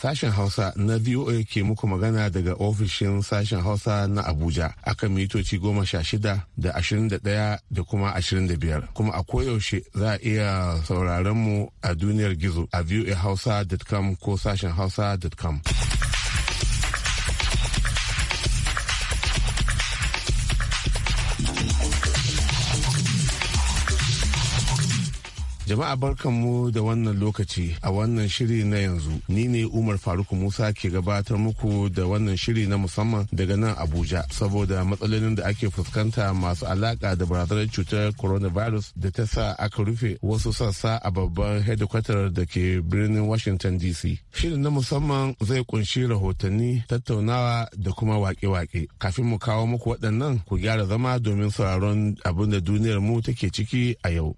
Sashen Hausa na VOA ke muku magana daga ofishin sashen Hausa na Abuja akan mitoci goma sha shida da ashirin da ɗaya da kuma ashirin da biyar. Kuma a koyaushe za a iya sauraron mu a duniyar gizo a VOA Hausa.com ko sashen hausa.com. Jama'a barkanmu da wannan lokaci a wannan shiri na yanzu. Ni ne Umar Faruk Musa ke gabatar muku da wannan shiri na musamman daga nan Abuja saboda matsalolin da ake fuskanta masu alaka da barazanar cutar coronavirus da ta sa aka rufe wasu sassa a babban hedikwatar da ke birnin Washington DC. Shirin na musamman zai kunshi rahotanni, tattaunawa da kuma wake-wake. Kafin mu kawo muku waɗannan ku gyara zama domin sauraron abin da duniyar mu take ciki a yau.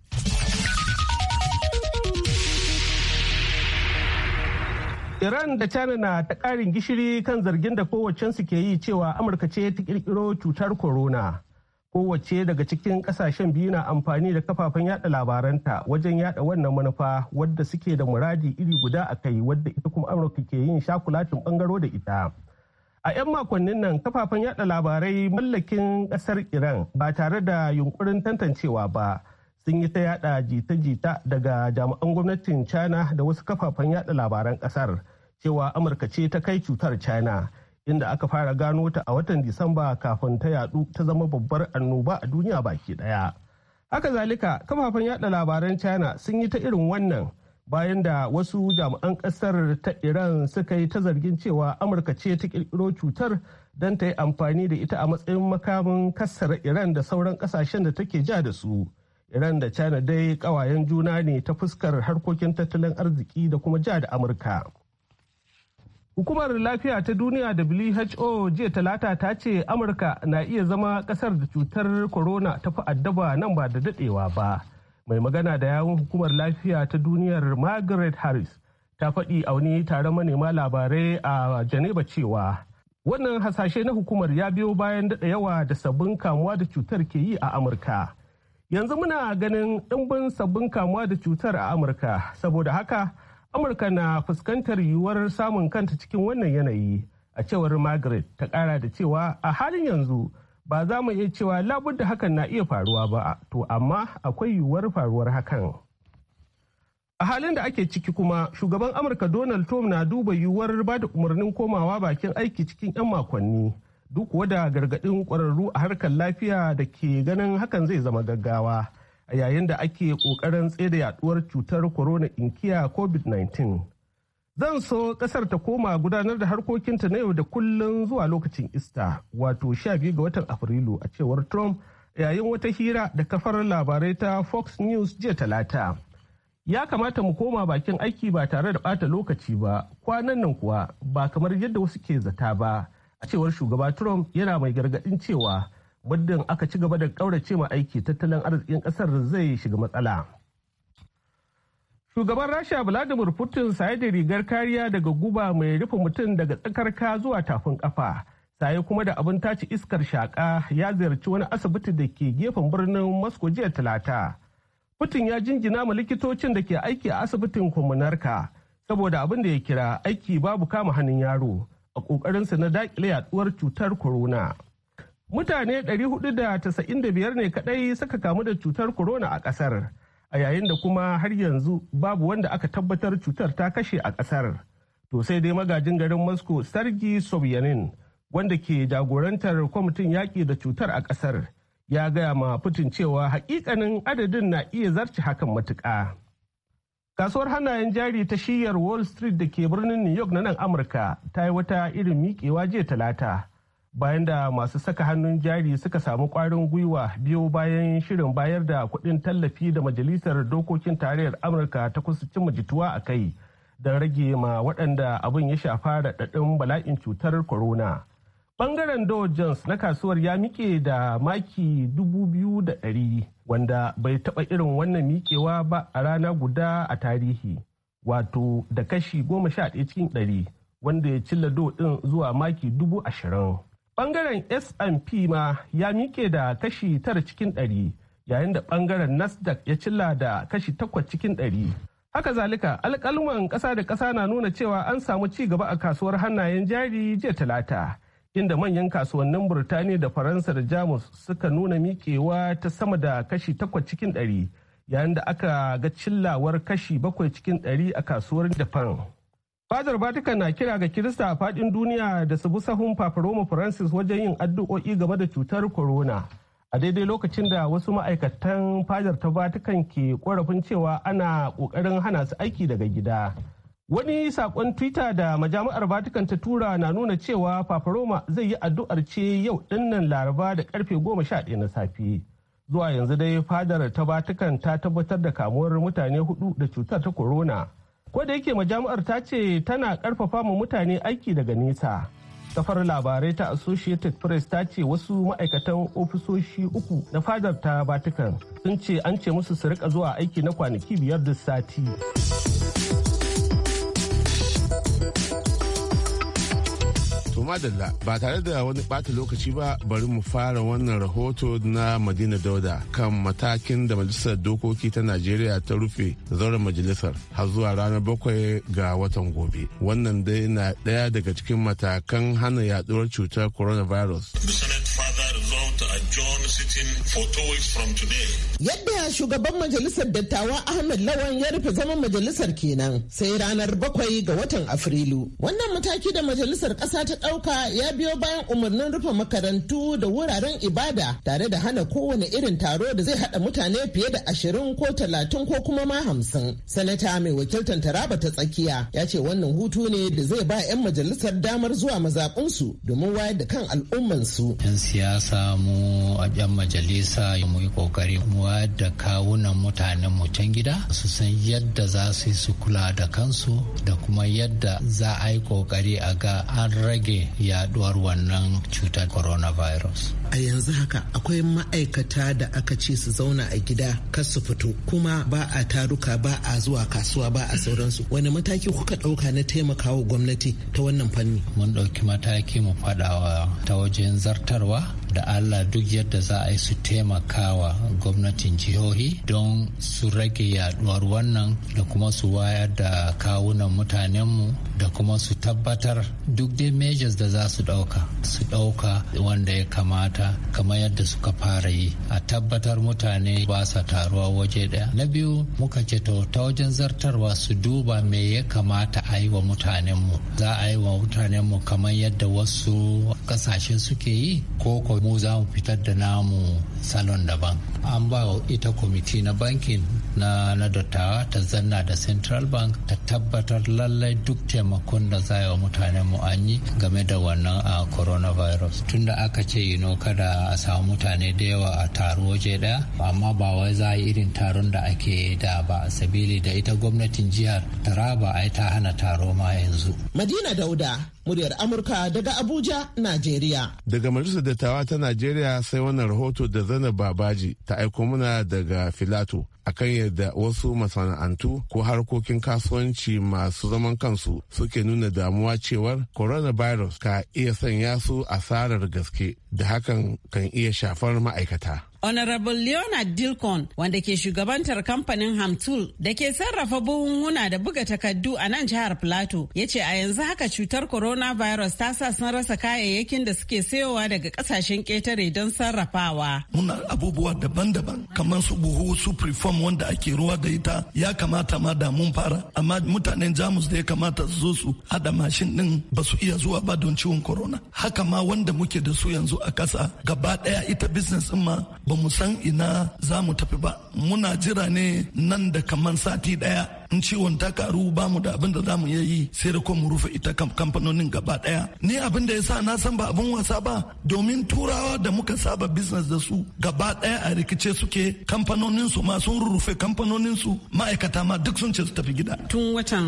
Iran da China na ta ƙarin gishiri kan zargin da su ke yi cewa Amurka ce ta ƙirƙiro cutar corona. Kowace daga cikin ƙasashen biyu na amfani da kafafen yada labaranta wajen yada wannan manufa wadda suke da muradi iri guda a kai wadda ita kuma Amurka ke yin shakulatin bangaro da ita. A 'yan makonnin nan kafafen yada labarai mallakin ƙasar Iran ba tare da yunkurin tantancewa ba. sun yi ta yada jita-jita daga jami'an gwamnatin china da wasu kafafen yada labaran kasar cewa amurka ce ta kai cutar china inda aka fara gano ta a watan disamba kafin ta yadu ta zama babbar annoba a duniya baki daya haka zalika kafafen yada labaran china sun yi ta irin wannan bayan da wasu jami'an kasar ta iran suka yi ta zargin cewa amurka ce ta kirkiro cutar don ta yi amfani da ita a matsayin makamin kassara iran da sauran kasashen da take ja da su. Iran da China dai kawayen juna ne ta fuskar harkokin tattalin arziki da kuma ja da Amurka. Hukumar lafiya ta duniya WHO jiya talata ta ce Amurka na iya zama kasar da cutar corona ta fi addaba nan ba da dadewa ba. Mai magana da yawun hukumar lafiya ta duniyar Margaret Harris ta faɗi a wani taron manema labarai a Geneva cewa wannan hasashe na hukumar ya biyo bayan daɗa yawa da sabbin kamuwa da cutar ke yi a Amurka. Yanzu muna ganin ɗimbin sabbin kamuwa da cutar a Amurka, saboda haka Amurka na fuskantar yiwuwar samun kanta cikin wannan yanayi. A cewar Margaret ta ƙara da cewa a halin yanzu ba za mu iya cewa labudda hakan na iya faruwa ba, to amma akwai yiwuwar faruwar hakan. A halin da ake ciki kuma shugaban Amurka Donald Trump na duba yiwuwar ba da umarnin komawa bakin aiki cikin 'yan makonni. duk wada gargaɗin ƙwararru a harkar lafiya da ke ganin hakan zai zama gaggawa a yayin da ake ƙoƙarin tsaida yaduwar cutar corona inkiya covid-19 zan so ƙasar ta koma gudanar da harkokinta na yau da kullum zuwa lokacin ista wato 12 ga watan afrilu a cewar trump yayin wata hira da kafar labarai ta fox news jiya talata ya kamata mu koma bakin aiki ba tare da ɓata lokaci ba kwanan nan kuwa ba kamar yadda wasu ke zata ba a cewar shugaba trump yana mai gargadin cewa muddin aka ci gaba da kaurace ma aiki tattalin arzikin kasar zai shiga matsala shugaban rasha vladimir putin saye da rigar kariya daga guba mai rufe mutum daga tsakar ka zuwa tafin kafa saye kuma da abin tace iskar shaka ya ziyarci wani asibiti da ke gefen birnin moscow jiya talata putin ya jinjina ma likitocin da ke aiki a asibitin kwamunarka saboda abin da ya kira aiki babu kama hannun yaro a su na daƙile yaduwar cutar corona. Mutane 495 ne kaɗai suka kamu da cutar corona a ƙasar, a yayin da kuma har yanzu babu wanda aka tabbatar cutar ta kashe a ƙasar. To sai dai magajin garin Moscow Sargi Sobyanin, wanda ke jagorantar kwamitin yaƙi da cutar a ƙasar, ya gaya ma Putin cewa hakikanin adadin na iya zarce hakan matuƙa. Kasuwar hannayen jari ta shiyar Wall Street da ke birnin New York na nan Amurka ta yi wata irin miƙewa jiya talata bayan da masu saka hannun jari suka samu ƙwarin gwiwa biyu bayan shirin bayar da kuɗin tallafi da Majalisar Dokokin Tarayyar Amurka ta kusurcin jituwa a kai don rage ma waɗanda abin ya shafa raɗaɗin bala'in cutar corona. Bangaren Dow Jones na kasuwar ya mike da maki da dari, wanda bai taɓa irin wannan mikewa ba a rana guda a tarihi, wato da kashi 11 cikin 100 wanda ya cilla Dow ɗin zuwa maki dubu 20,000. Bangaren S&P ma ya mike da kashi tara cikin 100 yayin da bangaren Nasdaq ya cilla da kashi 8 cikin 100. Haka zalika alkalman ƙasa da ƙasa na nuna cewa an samu ci gaba a kasuwar hannayen jari jiya talata. inda manyan kasuwannin Burtaniya da Faransa da Jamus suka nuna miƙewa ta sama da kashi takwas cikin ɗari yayin da aka ga cillawar kashi bakwai cikin ɗari a kasuwar Japan. Fadar Vatican na kira ga Kirista a faɗin duniya da su bi sahun Paparoma Francis wajen yin addu'o'i game da cutar corona. A daidai lokacin da wasu ma'aikatan fadar ta Vatican ke korafin cewa ana ƙoƙarin hana su aiki daga gida. Wani sakon Twitter da majami'ar Vatican ta tura na nuna cewa Paparoma zai yi addu'ar ce yau dinnan Laraba da karfe ɗaya na safe. Zuwa yanzu dai fadar ta Vatican ta tabbatar da kamuwar mutane hudu da cutar ta corona. Ko da yake majami'ar ta ce tana karfafa ma mutane aiki daga nesa. kafar labarai ta associated press ta ce wasu ma'aikatan ofisoshi uku na fadar ta vatican sun ce an ce musu su rika zuwa aiki na kwanaki biyar duk sati To dalla ba tare da wani ɓata lokaci ba bari mu fara wannan rahoto na Madina Dauda kan matakin da Majalisar Dokoki ta Najeriya ta rufe zauren majalisar har zuwa ranar bakwai ga watan gobe. Wannan dai na ɗaya daga cikin matakan hana yaduwar cutar coronavirus. sitting for two from today. Yadda shugaban majalisar dattawa Ahmed Lawan ya rufe zaman majalisar kenan sai ranar bakwai ga watan Afrilu. Wannan mataki da majalisar ƙasa ta ɗauka ya biyo bayan umarnin rufe makarantu da wuraren ibada tare da hana kowane irin taro da zai haɗa mutane fiye da ashirin ko talatin ko kuma ma hamsin. Sanata mai wakiltar Taraba ta tsakiya ya ce wannan hutu ne da zai ba 'yan majalisar damar zuwa mazaɓunsu domin wayar da kan al'ummansu. 'Yan siyasa mu a majalisa mu yi kokari muwa da kawunan mutanen mutan gida su san yadda za su yi su kula da kansu da kuma yadda za a yi kokari a ga an rage yaduwar wannan cutar coronavirus a yanzu haka akwai ma'aikata da aka ce su zauna a gida kar su fito kuma ba a taruka ba a zuwa kasuwa ba a sauransu wani mataki kuka ɗauka na taimakawa gwamnati ta wannan fanni mun ɗauki mataki mu faɗawa ta wajen zartarwa da allah duk yadda za a yi su taimakawa gwamnatin jihohi don su rage yaduwar wannan da kuma su wayar da kawunan mutanenmu da kuma su tabbatar duk dai measures da za su dauka su dauka wanda ya kamata kamar yadda suka fara yi a tabbatar mutane ba sa taruwa waje daya na biyu muka ce to ta wajen zartarwa su duba me ya kamata a yi wa mutanenmu za a yi wa mutanenmu kamar yadda wasu kasashe suke yi ko ko mu za mu fitar da namu salon daban an ba ita kwamiti na bankin na, na dattawa ta zanna da central bank ta tabbatar lallai duk taimakon da za wa mutanen mu an yi game da wannan a coronavirus tunda aka ce yino kada a samu mutane da yawa a taro waje daya amma ba wai za a yi irin taron da ake da ba sabili da ita gwamnatin jihar taraba ai ta hana taro ma yanzu madina dauda muryar amurka daga abuja najeriya daga majalisar dattawa ta najeriya sai wannan rahoto da zanar babaji ta aiko muna daga filato akan yadda wasu masana'antu ko harkokin kasuwanci masu zaman kansu suke nuna damuwa cewar coronavirus ka iya sanya su asarar gaske da hakan kan iya shafar ma'aikata. Honorable Leonard Dilkon wanda ke shugabantar kamfanin Hamtul da ke sarrafa buhunhuna da buga takardu a nan jihar Plateau ya ce a yanzu haka cutar coronavirus ta sa sun rasa kayayyakin da suke sayowa daga kasashen ketare don sarrafawa. Muna abubuwa daban-daban kamar su buhu su preform wanda ake ruwa da ita ya kamata ma da mun fara amma mutanen Jamus da ya kamata su zo su hada mashin din ba su iya zuwa ba don ciwon corona. Haka ma wanda muke da su yanzu a kasa gaba daya ita business din ma ba mu san ina za mu tafi ba muna jira ne nan da kaman sati daya in ciwon ta karu ba mu da abin da za mu iya yi sai da ko mu rufe ita kamfanonin gaba daya ni abin da ya sa na san ba abin wasa ba domin turawa da muka saba business da su gaba daya a rikice suke kamfanonin su ma sun rufe kamfanonin su ma'aikata ma duk sun ce su tafi gida tun watan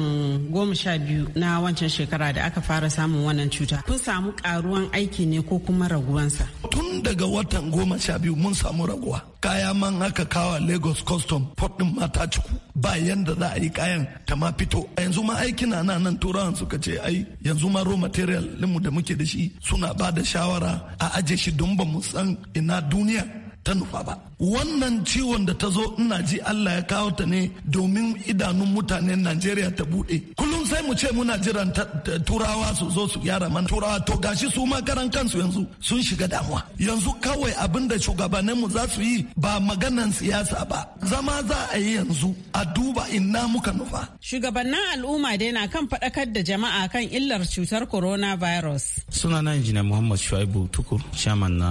goma sha biyu na wancan shekara da aka fara samun wannan cuta kun samu karuwan aiki ne ko kuma raguwansa tun daga watan goma sha biyu mun samu raguwa kaya man aka kawa lagos custom port din mata ciku ba yanda za a yi kayan ta ma fito a yanzu ma aikin na nan turawan suka ce ai yanzu ma raw material mu da muke da shi suna ba da shawara a aje shi don ba mu san ina duniya ta nufa ba. Wannan ciwon da ta zo ina ji Allah ya kawo ta ne domin idanun mutanen Najeriya ta bude. Kullum sai mu ce muna jiran turawa su zo su gyara mana turawa to gashi su ma karan kansu yanzu sun shiga damuwa yanzu kawai abin da shugabannin mu za su yi ba maganan siyasa ba zama za a yi yanzu a duba inna muka nufa shugabannin al'umma dai na kan faɗakar da jama'a kan illar cutar coronavirus sunana injina muhammad shuaibu tukur shaman na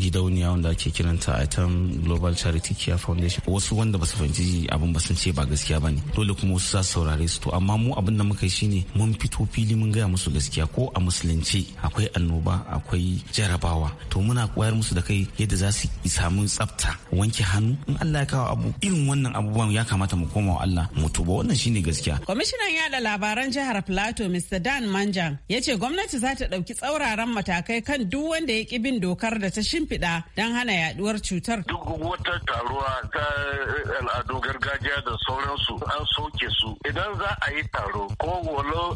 gidauniya wanda ake kiranta a item global charity care foundation wasu wanda ba su fahimci abin ba sun ce ba gaskiya ba ne dole kuma wasu za su saurare su to amma mu abin da muka yi shine mun fito fili mun gaya musu gaskiya ko a musulunci akwai annoba akwai jarabawa to muna koyar musu da kai yadda za su samu tsafta wanke hannu in Allah ya kawo abu irin wannan abubuwan ya kamata mu koma wa Allah mu tuba wannan shine gaskiya kwamishinan yada labaran jihar Plato Mr Dan Manjan ya ce gwamnati za ta ɗauki tsauraran matakai kan duk wanda ya ki bin dokar da ta shimfiɗa don hana yaduwar cutar duk wata taruwa ta al'adu gargajiya da sauransu an soke su idan za a yi taro ko walo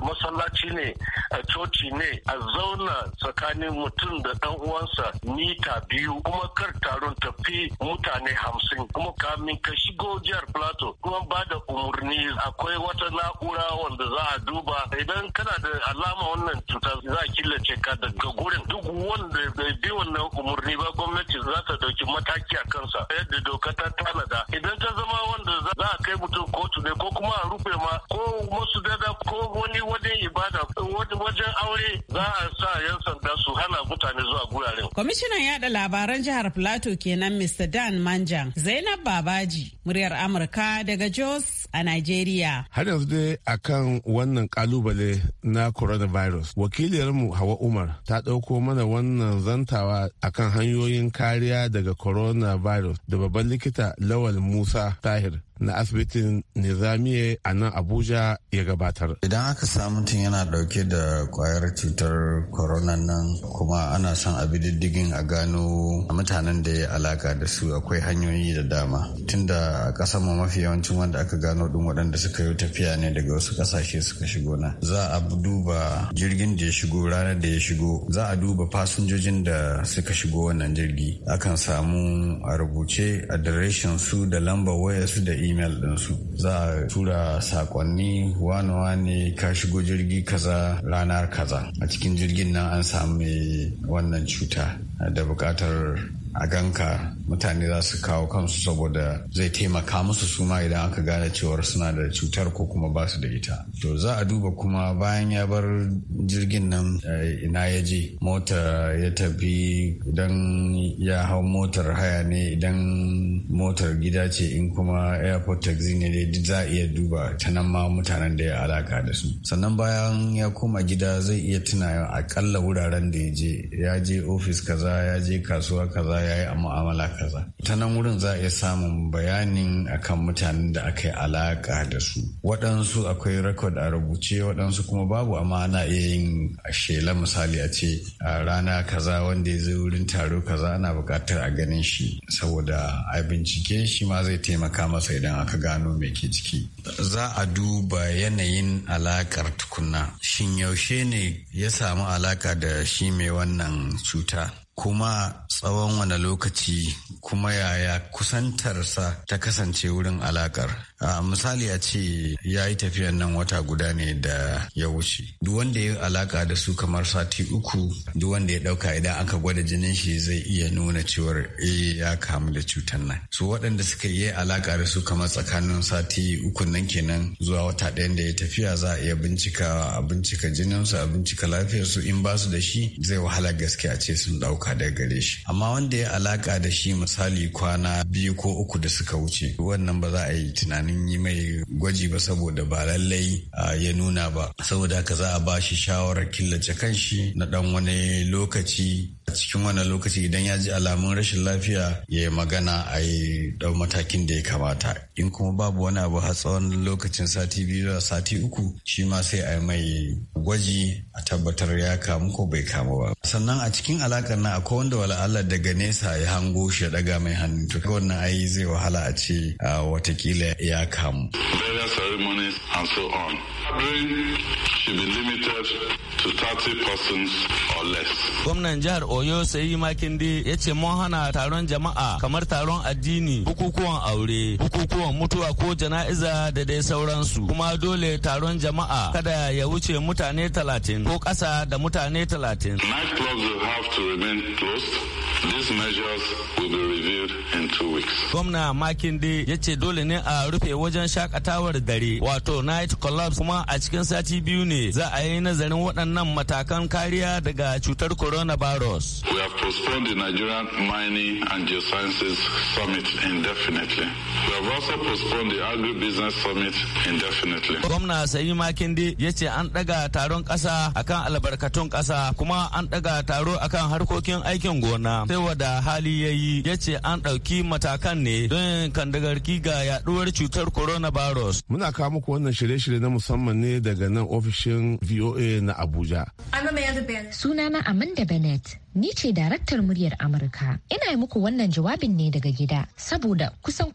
masallaci ne a coci ne a zauna tsakanin mutum da dan uwansa mita biyu kuma kar taron tafi mutane hamsin kuma kamin ka shigo jihar plato kuma ba da umarni akwai wata na'ura wanda za a duba idan kana da alama wannan cuta za a killace ka daga gurin duk wanda bai bi wannan umarni ba gwamnati za ta dauki mataki a kansa yadda doka ta tanada idan ta zama wanda wajen aure za a sa 'yan sanda su hana mutane zuwa guraren. Kwamishinan yada labaran jihar Plateau kenan Mr. Dan Manjan. Zainab Babaji, muryar Amurka daga Jos a Nigeria. Har yanzu dai akan wannan kalubale na coronavirus, wakiliyarmu Hawa Umar ta ɗauko mana wannan zantawa akan hanyoyin kariya daga coronavirus da babban likita Lawal Musa Tahir na asibitin nizamiye a nan abuja ya gabatar idan aka samu mutum yana dauke da kwayar cutar corona nan kuma ana son a diddigin a gano mutanen da ya alaka da su akwai hanyoyi da dama tunda a kasar mu mafi yawancin wanda aka gano din waɗanda suka yi tafiya ne daga wasu kasashe suka shigo na za a duba jirgin da ya shigo ranar da ya shigo za a duba fasinjojin da suka shigo wannan jirgi akan samu a rubuce adireshin su da lambar wayar su da email ɗinsu za a tura sakonni wani wane ka shigo jirgi kaza ranar kaza a cikin jirgin nan an sami wannan cuta da buƙatar a ganka mutane za su kawo kansu saboda zai taimaka musu suma idan aka gane cewar suna da cutar ko kuma ba su da ita to za a duba kuma bayan ya bar jirgin nan eh, ina ya je mota ya tafi idan ya hau motar haya ne idan motar gida ce in kuma airport taxi ne dai za a iya duba ta nan ma mutanen da ya alaka da su sannan bayan ya koma gida zai iya tuna akalla wuraren da ya je ya je ofis kaza ya je kasuwa kaza ya yi a mu'amala kaza ta nan wurin za a iya samun bayanin akan mutanen da aka yi alaƙa da su waɗansu akwai rekod a rubuce waɗansu kuma babu amma ana iya yin shela misali a ce a rana kaza wanda ya zai wurin taro kaza ana buƙatar a ganin shi saboda a bincike shi ma zai taimaka masa idan aka gano mai ke ciki za a duba yanayin alaƙar tukunna shin yaushe ne ya samu alaƙa da shi mai wannan cuta kuma tsawon wani lokaci kuma yaya kusantarsa ta kasance wurin alakar misali a ce ya yi tafiyan nan wata guda ne da ya wuce duk wanda ya alaka da su kamar sati uku duk wanda ya dauka idan aka gwada jinin shi zai iya nuna cewar eh ya kamu da cutar nan su waɗanda suka yi alaka da su kamar tsakanin sati uku nan kenan zuwa wata ɗayan da ya tafiya za a iya bincika a bincika jininsu a bincika lafiyarsu in ba su da shi zai wahala gaske a ce sun dauka daga gare shi amma wanda ya alaka da shi misali kwana biyu ko uku da suka wuce wannan ba za a yi tunanin tunanin yi mai gwaji ba saboda ba lallai ya nuna ba saboda haka za a ba shi shawarar killace kanshi na dan wani lokaci A cikin wannan lokaci idan ya ji alamun rashin lafiya ya yi magana a yi dau matakin da ya kamata in kuma babu wani abu har tsawon lokacin sati biyu da sati uku shi ma sai a yi mai gwaji a tabbatar ya kamu ko bai kamu ba sannan a cikin alakar na akwai wanda wala Allah daga nesa ya hango shi ya daga mai hannu to wannan ai zai wahala a ce watakila ya kamu Gwamnan jihar oyo sai makinde ya ce mun hana taron jama'a kamar taron addini bukukuwan aure bukukuwan mutuwa ko jana'iza da dai sauransu kuma dole taron jama'a kada ya wuce mutane talatin ko ƙasa da mutane talatin. Gwamna Makinde ya ce dole ne a rufe wajen shakatawar dare wato night collapse kuma a cikin sati biyu ne za a yi nazarin waɗannan matakan kariya daga cutar coronavirus. We have postponed the Nigerian Mining and Geosciences Summit indefinitely. We have also postponed the Agribusiness Summit indefinitely. Gwamna Sayi Makinde ya ce an ɗaga taron ƙasa akan albarkatun ƙasa kuma an ɗaga taro akan harkokin aikin gona. Sai wada hali ya yi ya ce an ɗauki matakan ne don kandagarki ga yaɗuwar cutar coronavirus. Muna kawo muku wannan shirye-shirye na musamman ne daga nan ofishin VOA na Abuja. Suna Sunana Amanda Bennett. ni ce daraktar muryar Amurka. Ina yi muku wannan jawabin ne daga gida, saboda kusan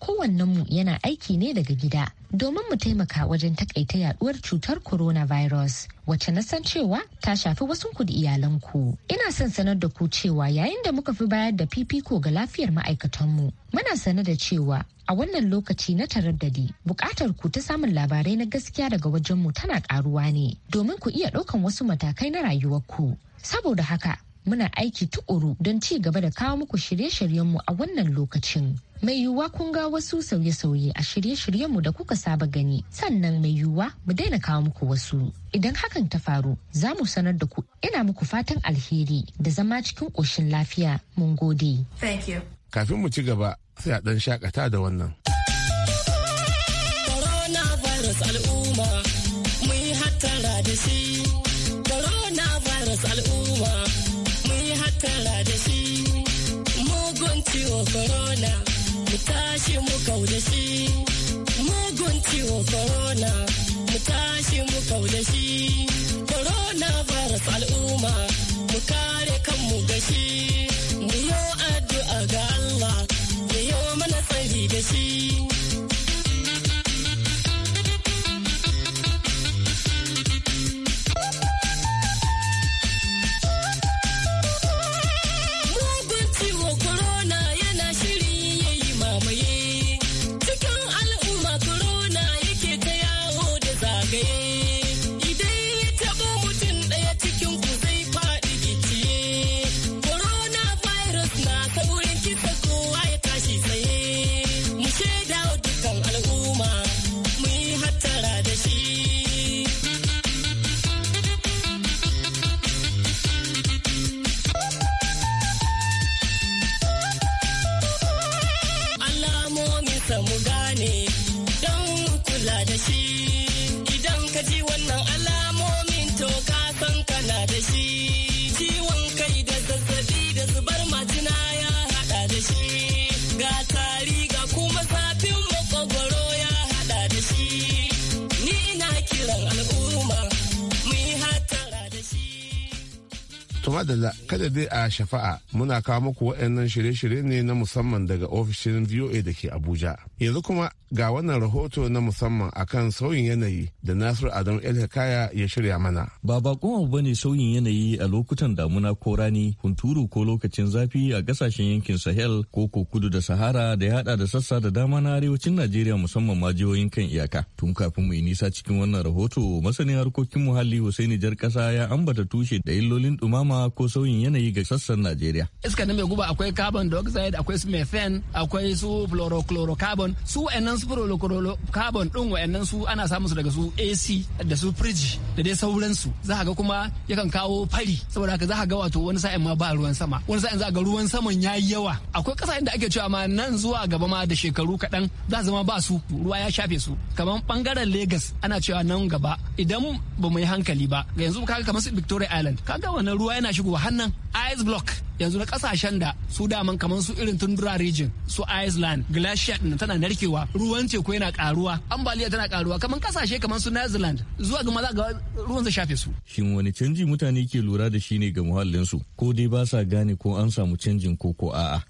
mu yana aiki ne daga gida, domin mu taimaka wajen takaita yaduwar cutar coronavirus. wacce na san cewa ta shafi wasu kudi iyalanku. Ina son sanar da ku cewa yayin da muka fi bayar da fifiko ga lafiyar ma'aikatanmu, muna sane da cewa a wannan lokaci na taraddadi bukatar ku ta samun labarai na gaskiya daga wajenmu tana karuwa ne domin ku iya ɗaukan wasu matakai na rayuwarku. Saboda haka muna aiki tuƙuru don ci gaba da kawo muku shirye-shiryenmu a wannan lokacin. Mai yiwuwa kun ga wasu sauye-sauye a shirye-shiryenmu da kuka saba gani, sannan mai yiwuwa mu daina kawo muku wasu. Idan hakan ta faru, za mu sanar da ku ina muku fatan alheri da zama cikin ƙoshin lafiya. Mun gode. Thank Kafin mu ci gaba, sai a ɗan shakata da wannan. Coronavirus al'umma, mu yi hattara da shi. Coronavirus al'umma, corona mu tashi mu kaudashi mugun ciwo corona mu tashi mu kaudashi corona virus al'umma mu kare kanmu gashi, mu yi addu'a ga Allah ya yi mana tsari gashi. dala. kada dai a shafa'a muna kawo muku waɗannan shirye-shirye ne na musamman daga ofishin voa da ke abuja yanzu kuma ga wannan rahoto na musamman akan sauyin yanayi da nasiru adam elhikaya ya shirya mana ba bakon abu bane sauyin yanayi a lokutan damuna ko rani hunturu ko lokacin zafi a kasashen yankin sahel ko ko kudu da sahara da ya hada da sassa da dama na arewacin najeriya musamman ma jihohin kan iyaka tun kafin mu yi nisa cikin wannan rahoto masanin harkokin muhalli Hussaini jar kasa ya ambata tushe da illolin dumama ko sauyin yanayi ga sassan Najeriya. Iska na mai guba akwai carbon dioxide, akwai su methane, akwai su fluorochlorocarbon, su wa'annan su fluorochlorocarbon din wa'annan su ana samun su daga su AC da su fridge da dai sauransu. Za ga kuma yakan kawo fari saboda haka za ga wato wani sa'in ma ba ruwan sama, wani sa'in za ga ruwan saman yayi yawa. Akwai kasashen da ake cewa ma nan zuwa gaba ma da shekaru kaɗan za zama ba su ruwa ya shafe su. Kamar bangaren Lagos ana cewa nan gaba idan ba mu yi hankali ba. Ga yanzu kaga kamar su Victoria Island kaga wannan ruwa yana shigowa har nan ice block yanzu na kasashen da su daman kamar su irin tundura region su iceland glacier din tana narkewa ruwan teku yana karuwa ambaliya tana karuwa kamar kasashe kamar su netherland zuwa ga maza ga ruwan zai shafe su shin wani canji mutane ke lura da shi ne ga su ko dai ba sa gane ko an samu canjin ko ko a'a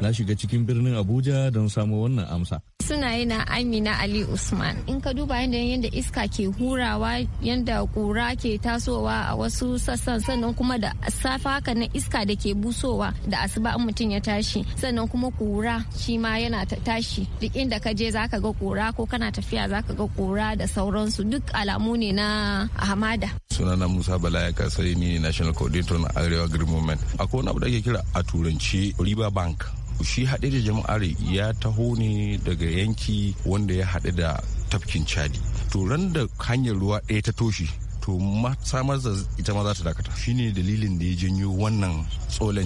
na shiga cikin birnin Abuja don samo wannan amsa. sunaye na amina ali usman in ka duba yadda yadda iska ke hurawa yadda kura ke tasowa a wasu sassan sannan kuma da safa haka na iska da ke busowa da asuba in mutum ya tashi sannan kuma kura shi ma yana tashi duk inda ka je zaka ga kura ko kana tafiya zaka ga kura da sauransu duk alamu ne na hamada sunana musa bala ya kasai ni national coordinator na arewa green movement akwai wani abu da ake kira a turanci riba bank shi haɗe da jama'ar ya taho ne daga yanki wanda ya haɗu da tafkin chadi turan da hanyar ruwa ɗaya ta toshe to samar da ita ma za ta dakata shine dalilin da ya janyo wannan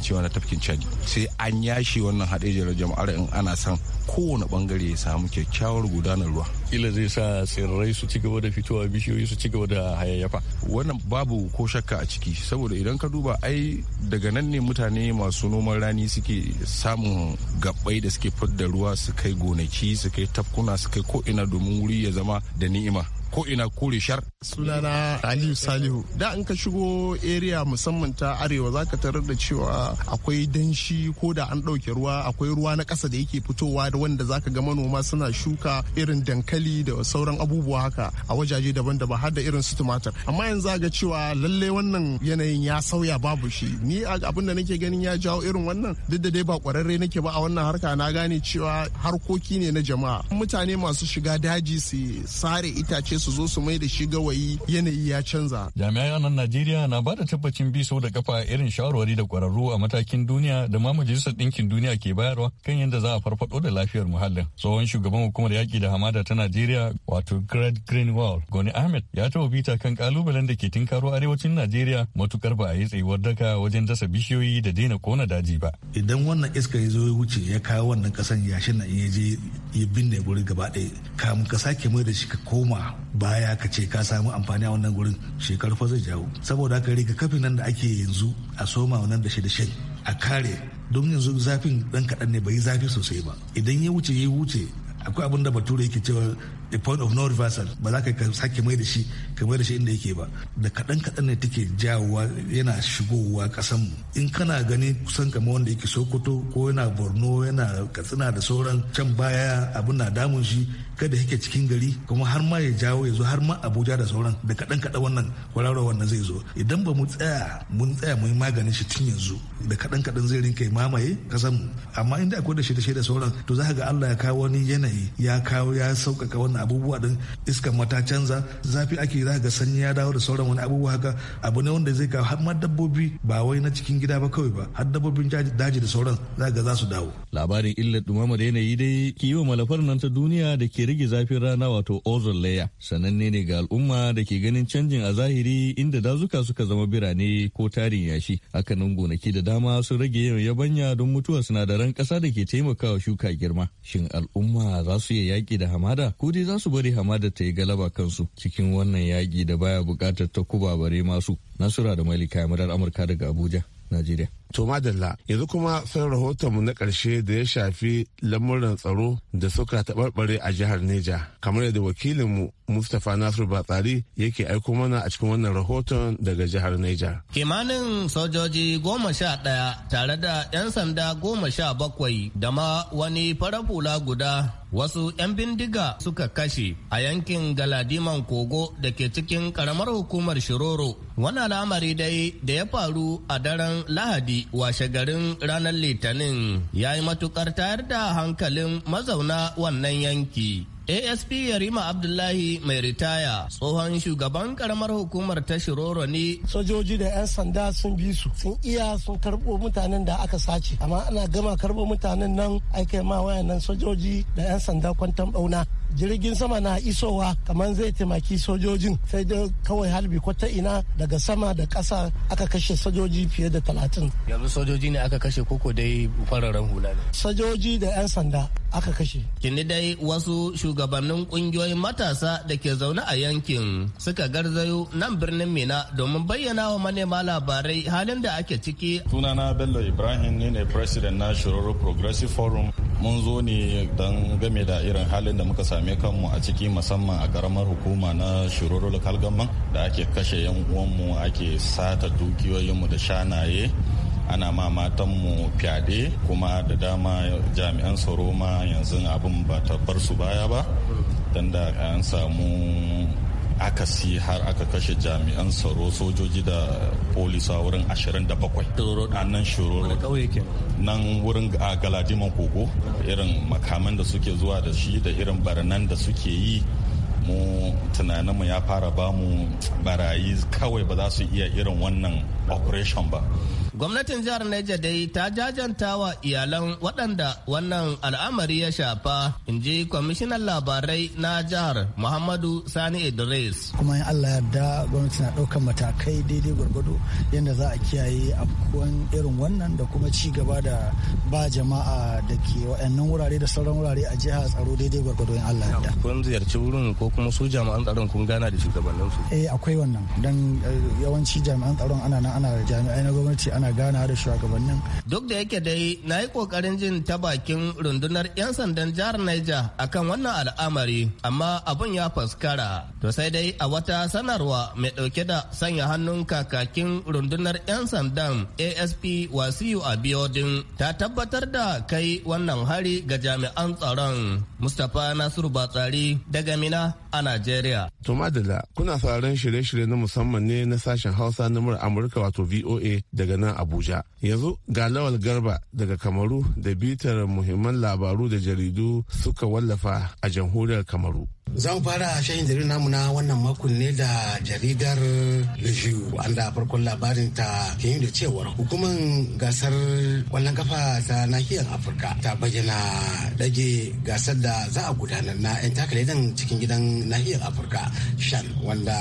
cewa na tafkin chadi sai an yashi wannan haɗejiyar jama'ar in ana son kowane bangare ya samu kyakkyawar gudanar ruwa kila zai sa tsirrai su ci gaba da fitowa bishiyoyi su ci gaba da hayayyafa wannan babu ko shakka a ciki saboda idan ka duba ai daga nan ne mutane masu noman rani suke samun gabbai da suke fidda ruwa su kai gonaki su kai tafkuna su kai ko ina domin wuri ya zama da ni'ima ko ina kore shar sunana aliyu salihu da in ka shigo area musamman ta arewa zaka tarar da cewa akwai danshi ko da an ɗauke ruwa akwai ruwa na ƙasa da yake fitowa da wanda zaka ga manoma suna shuka irin dankali da sauran abubuwa haka a wajaje daban-daban har da irin su tumatir amma yanzu ga cewa lallai wannan yanayin ya sauya babu shi ni abin da nake ganin ya jawo irin wannan duk da dai ba kwararre nake ba a wannan harka na gane cewa harkoki ne na jama'a mutane masu shiga daji su sare itace su zo su mai da shi gawayi yanayi ya canza. Jami'ai a nan Najeriya na ba da tabbacin bi sau da kafa irin shawarwari da kwararru a matakin duniya da ma majalisar ɗinkin duniya ke bayarwa kan yadda za a farfado da lafiyar muhallin. Tsohon shugaban hukumar yaƙi da hamada ta Najeriya wato Greg Greenwald Goni Ahmed ya taɓa bita kan kalubalen da ke tinkaro arewacin Najeriya matukar ba a yi tsayuwar daka wajen dasa bishiyoyi da daina kona daji ba. Idan wannan iska ya zo ya wuce ya kawo wannan kasan yashin na iya je ya binne guri gaba ɗaya kamun ka sake mai da shi ka koma baya ka ce ka samu amfani a wannan gurin shekaru fa zai jawo saboda haka riga kafin nan da ake yanzu a soma wannan da shi da a kare don yanzu zafin dan kaɗan ne bai zafi sosai ba idan ya wuce ya wuce akwai abin da bature yake cewa the point of no reversal ba za ka sake mai da shi ka mai da shi inda yake ba da kaɗan kaɗan ne take jawowa yana shigowa ƙasan mu in kana gani kusan kamar wanda yake sokoto ko yana borno yana katsina da sauran can baya abin na damun shi kada yake cikin gari kuma har ma ya jawo ya zo har ma abuja da sauran da kaɗan kaɗan wannan kwararwa wannan zai zo idan ba mu tsaya mun tsaya mu yi maganin shi tun yanzu da kaɗan kaɗan zai rinka mamaye kasan mu amma inda akwai da shi da shi da sauran to za ka ga Allah ya kawo wani yanayi ya kawo ya sauƙaƙa wannan abubuwa din iskan mata canza zafi ake za ga sanyi ya dawo da sauran wani abubuwa haka abu ne wanda zai kawo har ma dabbobi ba wai na cikin gida ba kawai ba har dabbobin daji da sauran za ga za su dawo labarin illar dumamar yanayi dai kiwo malafar nan ta duniya da ke ke zafin rana wato ozone layer sananne ne ga al'umma da ke ganin canjin a zahiri inda dazuka suka zama birane ko tarin yashi hakanan gonaki da dama sun rage yawan yabanya don mutuwar sinadaran ƙasa da ke taimakawa shuka girma shin al'umma za su iya yaƙi da hamada ko dai za su bari hamada ta yi galaba kansu cikin wannan yaƙi da baya buƙatar ta kubabare bare masu nasura da malika murar amurka daga abuja najeriya To madalla yanzu kuma sun rahotonmu na ƙarshe da ya shafi lamuran tsaro da suka taɓarɓare a jihar Neja. Kamar yadda wakilinmu Mustapha Nasiru Batsari yake aiko mana a cikin wannan rahoton daga jihar Neja. Kimanin sojoji goma sha ɗaya tare da 'yan sanda goma sha bakwai da ma wani farafula guda wasu 'yan bindiga suka kashe a yankin Galadiman Kogo da ke cikin ƙaramar hukumar Shiroro. Wani al'amari dai da ya faru a daren Lahadi washe garin ranar litinin ya yi matukar tayar da hankalin mazauna wannan yanki ASP Yarima Abdullahi mai ritaya tsohon shugaban karamar hukumar ta Shiroro ne. Sojoji da 'yan sanda sun bi su sun iya sun karɓo mutanen da aka sace amma ana gama karɓo mutanen nan aikai ma wayannan sojoji da 'yan sanda kwantan bauna jirgin sama na isowa kamar zai taimaki sojojin sai dai kawai harbi kwata ina daga sama da ƙasa aka kashe sojoji fiye da talatin. yanzu sojoji ne aka kashe koko dai fararen hula ne sojoji da 'yan sanda aka kashe kini dai wasu shugabannin kungiyoyin matasa da ke zaune a yankin suka garzayo nan birnin mina domin bayyana wa manema labarai halin da ake ciki sunana bello ibrahim ne ne president na shiroro progressive forum mun zo ne don game da irin halin da muka same kanmu a ciki musamman a karamar hukuma na shiroro local government da ake kashe yan uwanmu ake sata dukiyoyinmu da shanaye ana ma matanmu fyaɗe kuma da dama jami'an tsaro ma yanzu abin ba ta bar su baya ba don da an samu aka si har aka kashe jami'an tsaro sojoji da polisa wurin 27 a nan ke nan wurin a galadiman kogo irin makaman da suke zuwa da shi da irin barnan da suke yi mu tunaninmu ya fara ba mu barayi kawai ba za su iya irin wannan operation ba Gwamnatin jihar Niger dai ta jajanta wa iyalan waɗanda wannan al'amari ya shafa, in ji kwamishinan labarai na jihar Muhammadu Sani Idris. Kuma in Allah yarda gwamnati na ɗaukar matakai daidai gwargwado yadda za a kiyaye afkuwan irin wannan da kuma ci gaba da ba jama'a da ke wa'annan wurare da sauran wurare a jiha tsaro daidai gwargwado in Allah yarda. Kun ziyarci wurin ko kuma su jami'an tsaron kun gana da shugabanninsu? Eh akwai wannan don eh, yawanci jami'an tsaron ana nan ana jami'ai na gwamnati ana ana gana da shugabannin. Duk da yake dai na yi kokarin jin ta bakin rundunar 'yan sandan jihar Niger akan wannan al'amari amma abun ya faskara. To sai dai a wata sanarwa mai dauke da sanya hannun kakakin rundunar 'yan sandan ASP Wasiyu Abiodun ta tabbatar da kai wannan hari ga jami'an tsaron. Mustapha Nasiru Batsari daga Mina a Najeriya. To madalla kuna sauraron shirye-shirye na musamman ne na sashen Hausa na murar Amurka wato VOA daga nan Abuja. Yanzu ga Lawal Garba daga Kamaru da bitar muhimman labaru da jaridu suka wallafa a jamhuriyar Kamaru. Za fara shayin jaridar namu na wannan makon ne da jaridar Lejiu wanda farkon labarin ta ke yi da cewar hukumar gasar kwallon kafa ta nahiyar Afirka ta bayyana dage gasar da za a gudanar na 'yan takalidan cikin gidan nahiyar Afirka shan wanda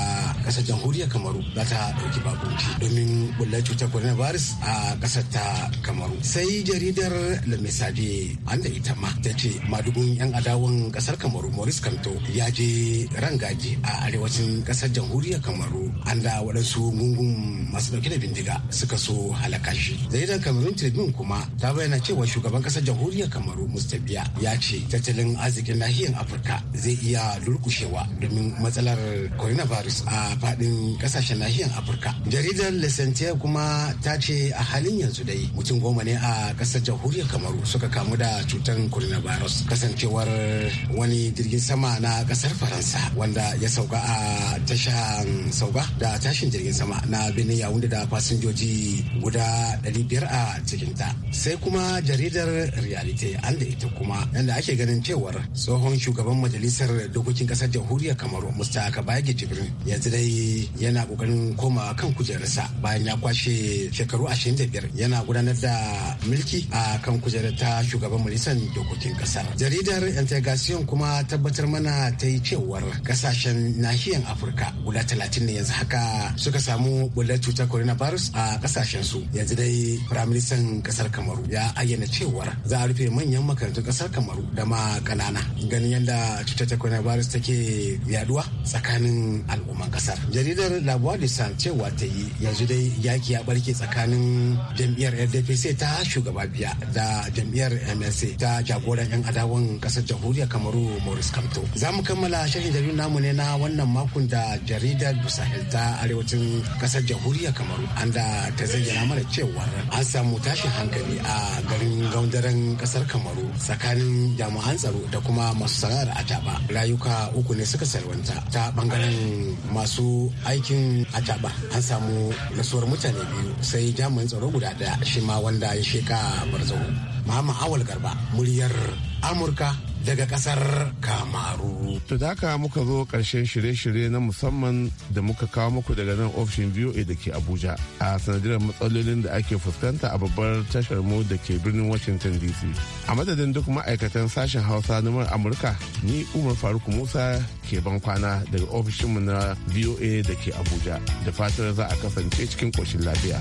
kasar jamhuriyar Kamaru za ta dauki bakunci domin bulla cutar coronavirus a kasar ta Kamaru. Sai jaridar lamisade an da ita ma ta ce madugun 'yan adawan kasar Kamaru Maurice Kanto ya je rangaji a arewacin kasar jamhuriyar kamaru an da waɗansu gungun masu ɗauke da bindiga suka so halaka shi zaidan kamarun tribune kuma ta bayyana cewa shugaban kasar jamhuriyar kamaru mustabiya ya ce tattalin arzikin nahiyar afirka zai iya lurkushewa. domin matsalar coronavirus a faɗin kasashen nahiyar afirka jaridar lesentia kuma ta ce a halin yanzu dai mutum goma ne a ƙasar jamhuriyar kamaru suka kamu da cutar coronavirus kasancewar wani jirgin sama na kasar faransa wanda ya sauka a tashan sauka da tashin jirgin sama na birnin yawunde da fasinjoji guda 500 a cikinta sai kuma jaridar realite an da ita kuma yadda ake ganin cewar tsohon shugaban majalisar dokokin kasar jamhuriyar kamaru musta kabagi jibrin yanzu dai yana kokarin koma kan kujerarsa bayan ya kwashe shekaru 25 yana gudanar da mulki a kan kujerar ta shugaban majalisar dokokin kasar jaridar integration kuma tabbatar mana ta yi cewar kasashen nahiyar afirka guda talatin ne yanzu haka suka samu bullar cutar coronavirus a kasashen su yanzu dai firaministan kasar kamaru ya ayyana cewar za a rufe manyan makarantun kasar kamaru da ma kanana ganin yadda cutar ta coronavirus take yaduwa tsakanin al'umman kasar jaridar labuwa san cewa ta yi yanzu dai yaki ya barke tsakanin jam'iyyar rdpc ta shugaba biya da jam'iyyar msa ta jagoran yan adawan kasar jamhuriyar kamaru maurice kamto za mu kammala shirin jaridun namu ne na wannan makon da jaridar Busahil ta arewacin kasar jamhuriya Kamaru an da ta zayyana mana cewa an samu tashin hankali a garin gaundaren kasar Kamaru tsakanin jami'an tsaro da kuma masu sana'ar ataba rayuka uku ne suka salwanta ta bangaren masu aikin ataba an samu nasuwar mutane biyu sai jami'an tsaro guda daya shi ma wanda ya sheka barzahu Muhammad Awal Garba muryar Amurka daga kasar kamaru. To da haka muka zo karshen shirye-shirye na musamman da muka kawo muku daga nan ofishin VOA da ke Abuja a sanadiyar matsalolin da ake fuskanta a babbar tashar mu da ke birnin Washington DC. A madadin duk ma'aikatan sashen Hausa na Amurka ni Umar Faruk Musa ke ban kwana daga ofishin mu na VOA da ke Abuja da fatar za a kasance cikin ƙoshin lafiya.